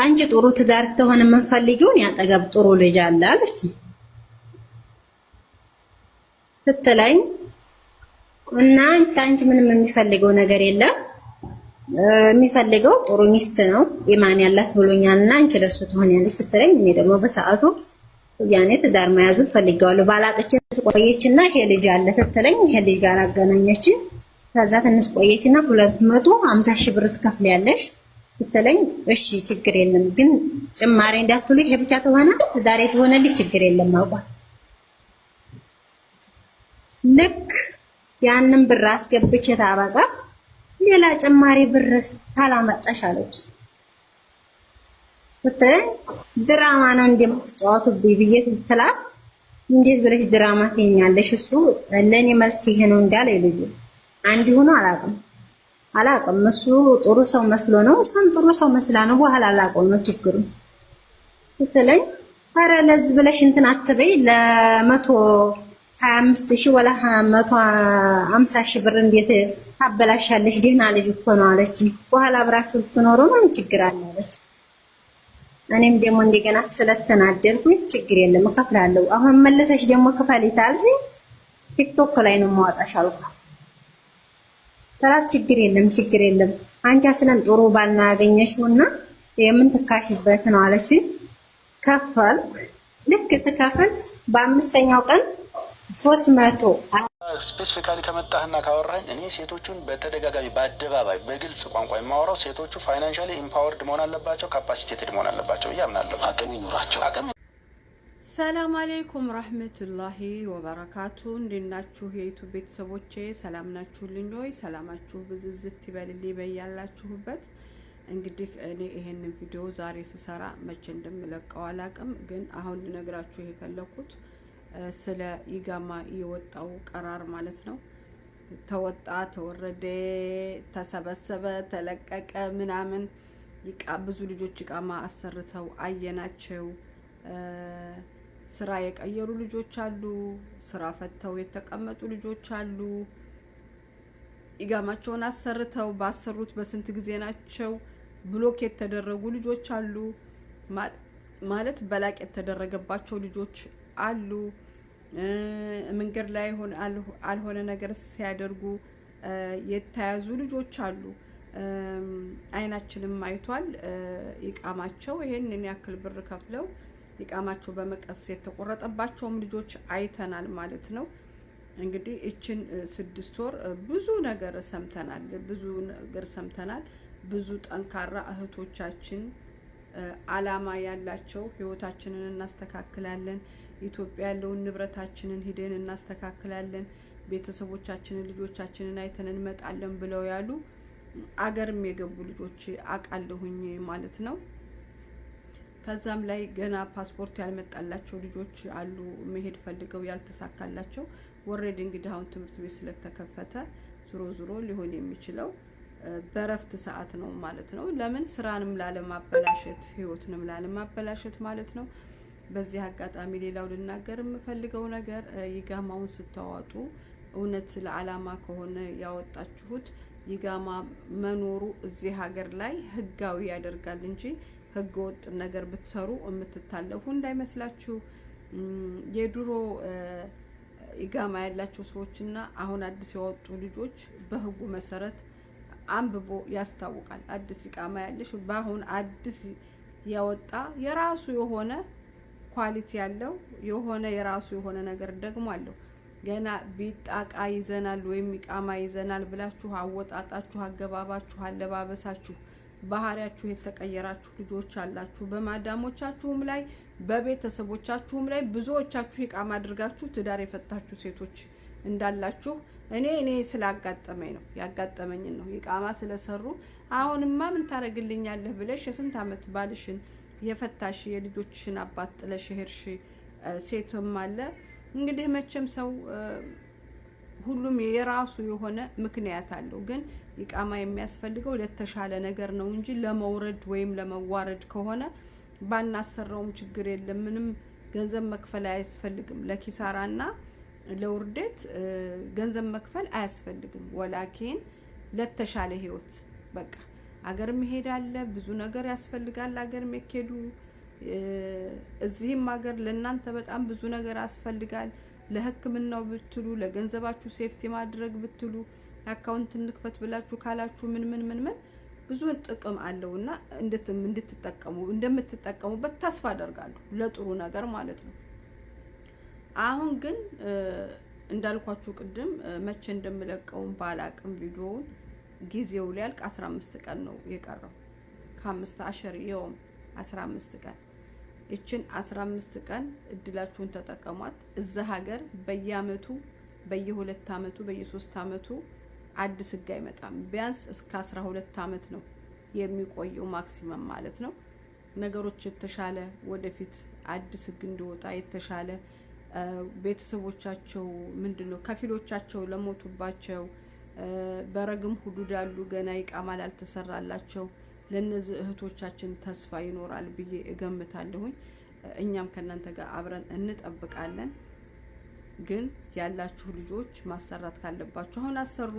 አንቺ ጥሩ ትዳር ተሆነ የምንፈልጊውን ያጠገብ ጥሩ ልጅ አለ አለች ስትለኝ እና አንቺ ምንም የሚፈልገው ነገር የለም የሚፈልገው ጥሩ ሚስት ነው ኢማን ያላት ብሎኛል እና አንቺ ለሱ ትሆኛለች ስትለኝ እኔ ደግሞ በሰዓቱ ያኔ ትዳር መያዙን ፈልጌዋለሁ ባላጥቼ ቆየችና ይሄ ልጅ አለ ስትለኝ ይሄ ልጅ ጋር አገናኘች ከዛ ትንሽ ቆየችና ሁለት መቶ ሀምሳ ሺህ ብር ስትለኝ እሺ ችግር የለም ግን ጭማሬ እንዳትሉ፣ ይሄ ብቻ ከሆነ ዛሬ ትሆነልሽ ችግር የለም አውቋል። ልክ ያንን ብር አስገብቼ ታበቃ ሌላ ጭማሬ ብር ታላመጣሽ አለች ስትለኝ፣ ድራማ ነው እንደምትጫወቱብኝ ብዬ ትላት፣ እንዴት ብለሽ ድራማ ትይኛለሽ? እሱ ለእኔ መልስ ይሄ ነው እንዳለ ልጁ አንድ ሆኖ አላውቅም አላቀም እሱ ጥሩ ሰው መስሎ ነው፣ እሷም ጥሩ ሰው መስላ ነው። በኋላ አላቀ ነው ችግሩ ትለኝ፣ ኧረ ለዚህ ብለሽ እንትን አትበይ ለመቶ ሀያ አምስት ሺህ ወላ መቶ አምሳ ሺህ ብር እንዴት ታበላሻለሽ? ደህና ልጅ እኮ ነው አለች። በኋላ አብራችሁ ብትኖሩ ነው ችግር አለ አለች። እኔም ደግሞ እንደገና ስለተናደድኩኝ ችግር የለም እከፍላለሁ። አሁን መለሰሽ ደግሞ ክፈል ታልሽ ቲክቶክ ላይ ነው ማዋጣሽ አልኳት። ተራት ችግር የለም ችግር የለም አንቺ አስለን ጥሩ ባና ያገኘሽውና የምንትካሽበት ነው አለች። ከፈልኩ። ልክ ትከፍል በአምስተኛው ቀን ሶስት መቶ ስፔሲፊካሊ ከመጣህና ካወራኝ እኔ ሴቶቹን በተደጋጋሚ በአደባባይ በግልጽ ቋንቋ የማወራው ሴቶቹ ፋይናንሻሊ ኢምፓወርድ መሆን አለባቸው፣ ካፓሲቴትድ መሆን አለባቸው ብዬ አምናለሁ። አቅም ይኑራቸው፣ አቅም ሰላም አለይኩም ረህመቱላሂ ወበረካቱ። እንዴት ናችሁ የዩቱብ ቤተሰቦቼ? ሰላም ናችሁልኝ ወይ? ሰላማችሁ ብዝዝት ይበልልኝ በያላችሁበት። እንግዲህ እኔ ይሄንን ቪዲዮ ዛሬ ስሰራ መቼ እንደምለቀው አላቅም፣ ግን አሁን ልነግራችሁ የፈለኩት ስለ ኢጋማ የወጣው ቀራር ማለት ነው። ተወጣ፣ ተወረደ፣ ተሰበሰበ፣ ተለቀቀ ምናምን ብዙ ልጆች ኢቃማ አሰርተው አየናቸው። ስራ የቀየሩ ልጆች አሉ። ስራ ፈተው የተቀመጡ ልጆች አሉ። ኢጋማቸውን አሰርተው ባሰሩት በስንት ጊዜ ናቸው ብሎክ የተደረጉ ልጆች አሉ። ማለት በላቅ የተደረገባቸው ልጆች አሉ። መንገድ ላይ አልሆነ ነገር ሲያደርጉ የተያዙ ልጆች አሉ። አይናችንም አይቷል። ኢቃማቸው ይሄንን ያክል ብር ከፍለው ሊቃማቸው በመቀስ የተቆረጠባቸውም ልጆች አይተናል ማለት ነው። እንግዲህ እችን ስድስት ወር ብዙ ነገር ሰምተናል፣ ብዙ ነገር ሰምተናል። ብዙ ጠንካራ እህቶቻችን አላማ ያላቸው ህይወታችንን እናስተካክላለን፣ ኢትዮጵያ ያለውን ንብረታችንን ሂደን እናስተካክላለን፣ ቤተሰቦቻችንን ልጆቻችንን አይተን እንመጣለን ብለው ያሉ አገርም የገቡ ልጆች አውቃለሁኝ ማለት ነው። ከዛም ላይ ገና ፓስፖርት ያልመጣላቸው ልጆች አሉ፣ መሄድ ፈልገው ያልተሳካላቸው። ወሬድ እንግዲህ አሁን ትምህርት ቤት ስለተከፈተ ዙሮ ዙሮ ሊሆን የሚችለው በረፍት ሰዓት ነው ማለት ነው። ለምን ስራንም ላለማበላሸት ህይወትንም ላለማበላሸት ማለት ነው። በዚህ አጋጣሚ ሌላው ልናገር የምፈልገው ነገር ይጋማውን ስታዋጡ እውነት ለዓላማ ከሆነ ያወጣችሁት ይጋማ መኖሩ እዚህ ሀገር ላይ ህጋዊ ያደርጋል እንጂ ህገወጥ ወጥ ነገር ብትሰሩ የምትታለፉ እንዳይመስላችሁ። የድሮ ኢጋማ ያላቸው ሰዎችና አሁን አዲስ ያወጡ ልጆች በህጉ መሰረት አንብቦ ያስታውቃል። አዲስ ኢቃማ ያለሽ በአሁን አዲስ ያወጣ የራሱ የሆነ ኳሊቲ ያለው የሆነ የራሱ የሆነ ነገር ደግሞ አለው። ገና ቢጣቃ ይዘናል ወይም ኢቃማ ይዘናል ብላችሁ አወጣጣችሁ፣ አገባባችሁ፣ አለባበሳችሁ ባህሪያችሁ የተቀየራችሁ ልጆች አላችሁ። በማዳሞቻችሁም ላይ በቤተሰቦቻችሁም ላይ ብዙዎቻችሁ ይቃማ አድርጋችሁ ትዳር የፈታችሁ ሴቶች እንዳላችሁ እኔ እኔ ስላጋጠመኝ ነው ያጋጠመኝን ነው ይቃማ ስለሰሩ አሁንማ ምን ታደርግልኛለህ ብለሽ የስንት አመት ባልሽን የፈታሽ የልጆችሽን አባት ጥለሽ ሄድሽ ሴትም አለ። እንግዲህ መቼም ሰው ሁሉም የራሱ የሆነ ምክንያት አለው። ግን ኢቃማ የሚያስፈልገው ለተሻለ ነገር ነው እንጂ ለመውረድ ወይም ለመዋረድ ከሆነ ባናሰራውም ችግር የለም። ምንም ገንዘብ መክፈል አያስፈልግም። ለኪሳራና ለውርደት ገንዘብ መክፈል አያስፈልግም። ወላኪን ለተሻለ ህይወት በቃ አገር መሄድ አለ። ብዙ ነገር ያስፈልጋል። አገር መሄዱ እዚህም አገር ለእናንተ በጣም ብዙ ነገር ያስፈልጋል። ለህክምናው ብትሉ ለገንዘባችሁ ሴፍቲ ማድረግ ብትሉ አካውንት እንክፈት ብላችሁ ካላችሁ ምን ምን ምን ምን ብዙ ጥቅም አለውና እንድትም እንድትጠቀሙ እንደምትጠቀሙበት ተስፋ አደርጋለሁ ለጥሩ ነገር ማለት ነው። አሁን ግን እንዳልኳችሁ ቅድም መቼ እንደምለቀውን ባላቅም ቪዲዮውን ጊዜው ሊያልቅ 15 ቀን ነው የቀረው። ከአምስት አሸር የውም 15 ቀን ይችን 15 ቀን እድላችሁን ተጠቀሟት። እዛ ሀገር በየአመቱ በየሁለት አመቱ በየሶስት አመቱ አዲስ ህግ አይመጣም። ቢያንስ እስከ 12 አመት ነው የሚቆየው ማክሲመም ማለት ነው። ነገሮች የተሻለ ወደፊት አዲስ ህግ እንዲወጣ የተሻለ ቤተሰቦቻቸው ምንድን ነው ከፊሎቻቸው ለሞቱባቸው በረግም ሁዱ ዳሉ ገና ይቃማል አልተሰራላቸው ለእነዚህ እህቶቻችን ተስፋ ይኖራል ብዬ እገምታለሁኝ። እኛም ከእናንተ ጋር አብረን እንጠብቃለን። ግን ያላችሁ ልጆች ማሰራት ካለባችሁ አሁን አሰሩ።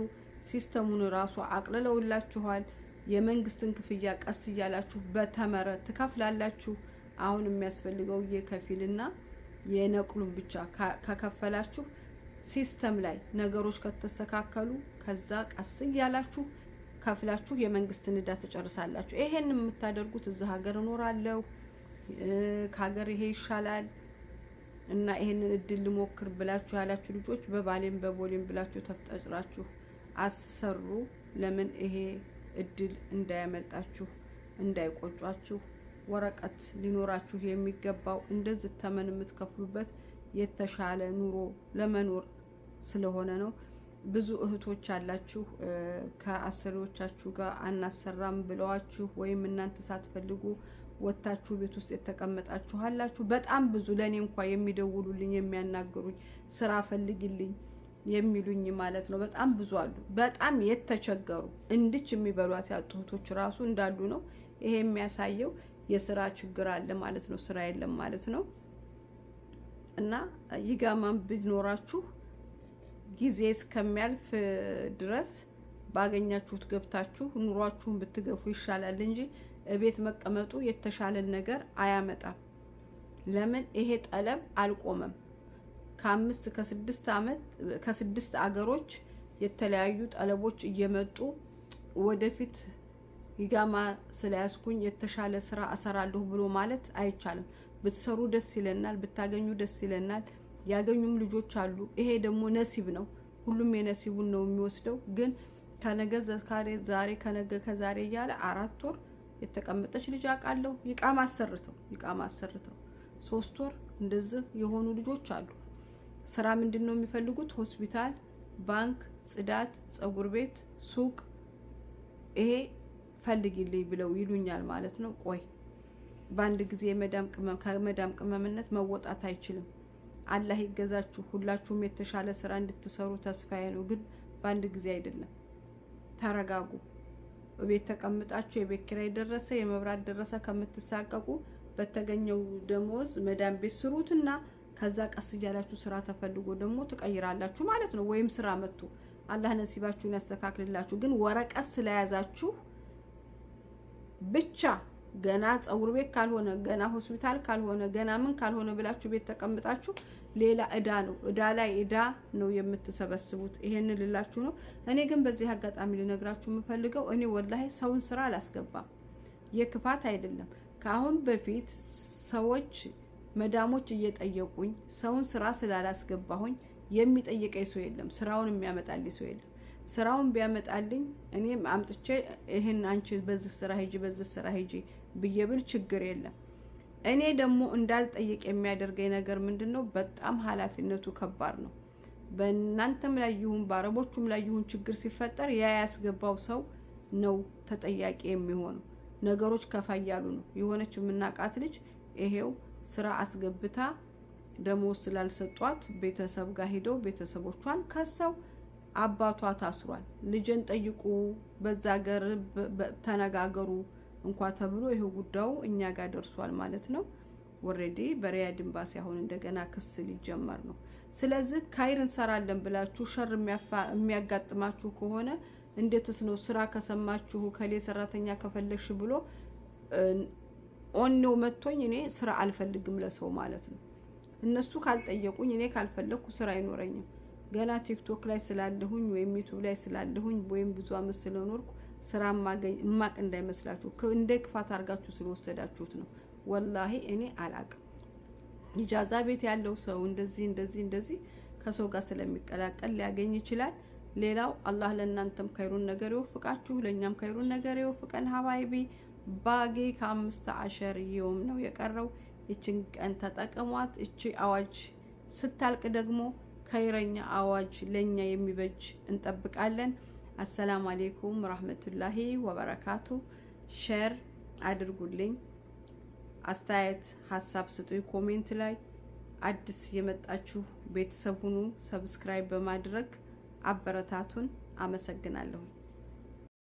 ሲስተሙን ራሱ አቅልለውላችኋል። የመንግስትን ክፍያ ቀስ እያላችሁ በተመረ ትከፍላላችሁ። አሁን የሚያስፈልገው የከፊልና የነቅሉን ብቻ ከከፈላችሁ ሲስተም ላይ ነገሮች ከተስተካከሉ ከዛ ቀስ እያላችሁ ከፍላችሁ የመንግስትን ዕዳ ትጨርሳላችሁ። ይሄን የምታደርጉት እዚህ ሀገር እኖራለሁ ከሀገር ይሄ ይሻላል እና ይሄንን እድል ልሞክር ብላችሁ ያላችሁ ልጆች በባሌም በቦሌም ብላችሁ ተፍጠጭራችሁ አሰሩ። ለምን ይሄ እድል እንዳያመልጣችሁ እንዳይቆጫችሁ። ወረቀት ሊኖራችሁ የሚገባው እንደዚህ ተመን የምትከፍሉበት የተሻለ ኑሮ ለመኖር ስለሆነ ነው። ብዙ እህቶች አላችሁ ከአሰሪዎቻችሁ ጋር አናሰራም ብለዋችሁ ወይም እናንተ ሳትፈልጉ ወታችሁ ቤት ውስጥ የተቀመጣችሁ አላችሁ። በጣም ብዙ ለእኔ እንኳ የሚደውሉልኝ የሚያናግሩኝ ስራ ፈልግልኝ የሚሉኝ ማለት ነው። በጣም ብዙ አሉ። በጣም የተቸገሩ እንድች የሚበሏት ያጡ እህቶች ራሱ እንዳሉ ነው። ይሄ የሚያሳየው የስራ ችግር አለ ማለት ነው። ስራ የለም ማለት ነው እና ይጋማን ቢኖራችሁ ጊዜ እስከሚያልፍ ድረስ ባገኛችሁት ገብታችሁ ኑሯችሁን ብትገፉ ይሻላል እንጂ እቤት መቀመጡ የተሻለን ነገር አያመጣም። ለምን ይሄ ጠለብ አልቆመም። ከአምስት ከስድስት ዓመት ከስድስት አገሮች የተለያዩ ጠለቦች እየመጡ ወደፊት ይጋማ ስለያዝኩኝ የተሻለ ስራ እሰራለሁ ብሎ ማለት አይቻልም። ብትሰሩ ደስ ይለናል፣ ብታገኙ ደስ ይለናል። ያገኙም ልጆች አሉ። ይሄ ደግሞ ነሲብ ነው። ሁሉም የነሲቡን ነው የሚወስደው። ግን ከነገ ዛሬ ከነገ ከዛሬ እያለ አራት ወር የተቀመጠች ልጅ አውቃለሁ። ይቃም አሰርተው ይቃም አሰርተው ሶስት ወር እንደዚህ የሆኑ ልጆች አሉ። ስራ ምንድን ነው የሚፈልጉት? ሆስፒታል፣ ባንክ፣ ጽዳት፣ ጸጉር ቤት፣ ሱቅ ይሄ ፈልግልኝ ብለው ይሉኛል ማለት ነው። ቆይ በአንድ ጊዜ ከመዳም ቅመምነት መወጣት አይችልም። አላህ ይገዛችሁ። ሁላችሁም የተሻለ ስራ እንድትሰሩ ተስፋዬ ነው። ግን በአንድ ጊዜ አይደለም። ተረጋጉ። ቤት ተቀምጣችሁ የቤት ኪራይ ደረሰ፣ የመብራት ደረሰ ከምትሳቀቁ በተገኘው ደሞዝ መዳን ቤት ስሩትና ከዛ ቀስ እያላችሁ ስራ ተፈልጎ ደግሞ ትቀይራላችሁ ማለት ነው። ወይም ስራ መጥቶ አላህ ነሲባችሁን ያስተካክልላችሁ። ግን ወረቀት ስለያዛችሁ ብቻ ገና ፀጉር ቤት ካልሆነ ገና ሆስፒታል ካልሆነ ገና ምን ካልሆነ ብላችሁ ቤት ተቀምጣችሁ ሌላ እዳ ነው እዳ ላይ እዳ ነው የምትሰበስቡት። ይሄን ልላችሁ ነው። እኔ ግን በዚህ አጋጣሚ ልነግራችሁ የምፈልገው እኔ ወላሂ ሰውን ስራ አላስገባም። የክፋት አይደለም። ከአሁን በፊት ሰዎች መዳሞች እየጠየቁኝ ሰውን ስራ ስላላስገባሁኝ የሚጠይቀኝ ሰው የለም። ስራውን የሚያመጣልኝ ሰው የለም። ስራውን ቢያመጣልኝ እኔም አምጥቼ ይህን አንቺ በዚህ ስራ ሂጂ፣ በዚህ ስራ ሂጂ ብዬ ብል ችግር የለም። እኔ ደግሞ እንዳልጠይቅ የሚያደርገኝ ነገር ምንድን ነው? በጣም ኃላፊነቱ ከባድ ነው። በእናንተም ላይ ይሁን በአረቦቹም ላይ ይሁን ችግር ሲፈጠር ያ ያስገባው ሰው ነው ተጠያቂ የሚሆነው። ነገሮች ከፋ እያሉ ነው። የሆነች የምናውቃት ልጅ ይሄው ስራ አስገብታ ደሞዝ ስላልሰጧት ቤተሰብ ጋር ሄደው ቤተሰቦቿን ከሰው አባቷ ታስሯል። ልጅን ጠይቁ፣ በዛ ሀገር ተነጋገሩ እንኳ ተብሎ ይህ ጉዳዩ እኛ ጋር ደርሷል ማለት ነው። ወሬዲ በሪያድ ኤምባሲ አሁን እንደገና ክስ ሊጀመር ነው። ስለዚህ ካይር እንሰራለን ብላችሁ ሸር የሚያጋጥማችሁ ከሆነ እንዴትስ ነው ስራ ከሰማችሁ ከሌ ሰራተኛ ከፈለግሽ ብሎ ኦኔው መጥቶኝ እኔ ስራ አልፈልግም ለሰው ማለት ነው። እነሱ ካልጠየቁኝ እኔ ካልፈለግኩ ስራ አይኖረኝም። ገና ቲክቶክ ላይ ስላለሁኝ ወይም ዩቱብ ላይ ስላለሁኝ ወይም ብዙ አመት ስለኖርኩ ስራ እማቅ እንዳይመስላችሁ። እንደ ክፋት አድርጋችሁ ስለወሰዳችሁት ነው። ወላሂ እኔ አላቅም። ኢጃዛ ቤት ያለው ሰው እንደዚህ እንደዚህ እንደዚህ ከሰው ጋር ስለሚቀላቀል ሊያገኝ ይችላል። ሌላው አላህ ለእናንተም ከይሩን ነገር ይወፍቃችሁ፣ ለእኛም ከይሩን ነገር ይወፍቀን። ሀባይቢ ባጌ ከአምስት አሸር የውም ነው የቀረው። ይችን ቀን ተጠቅሟት። እቺ አዋጅ ስታልቅ ደግሞ ኸይረኛ አዋጅ ለእኛ የሚበጅ እንጠብቃለን። አሰላሙ አሌይኩም ረህመቱላሂ ወበረካቱ። ሼር አድርጉልኝ፣ አስተያየት ሀሳብ ስጡ ኮሜንት ላይ። አዲስ የመጣችሁ ቤተሰብ ሁኑ፣ ሰብስክራይብ በማድረግ አበረታቱን። አመሰግናለሁ።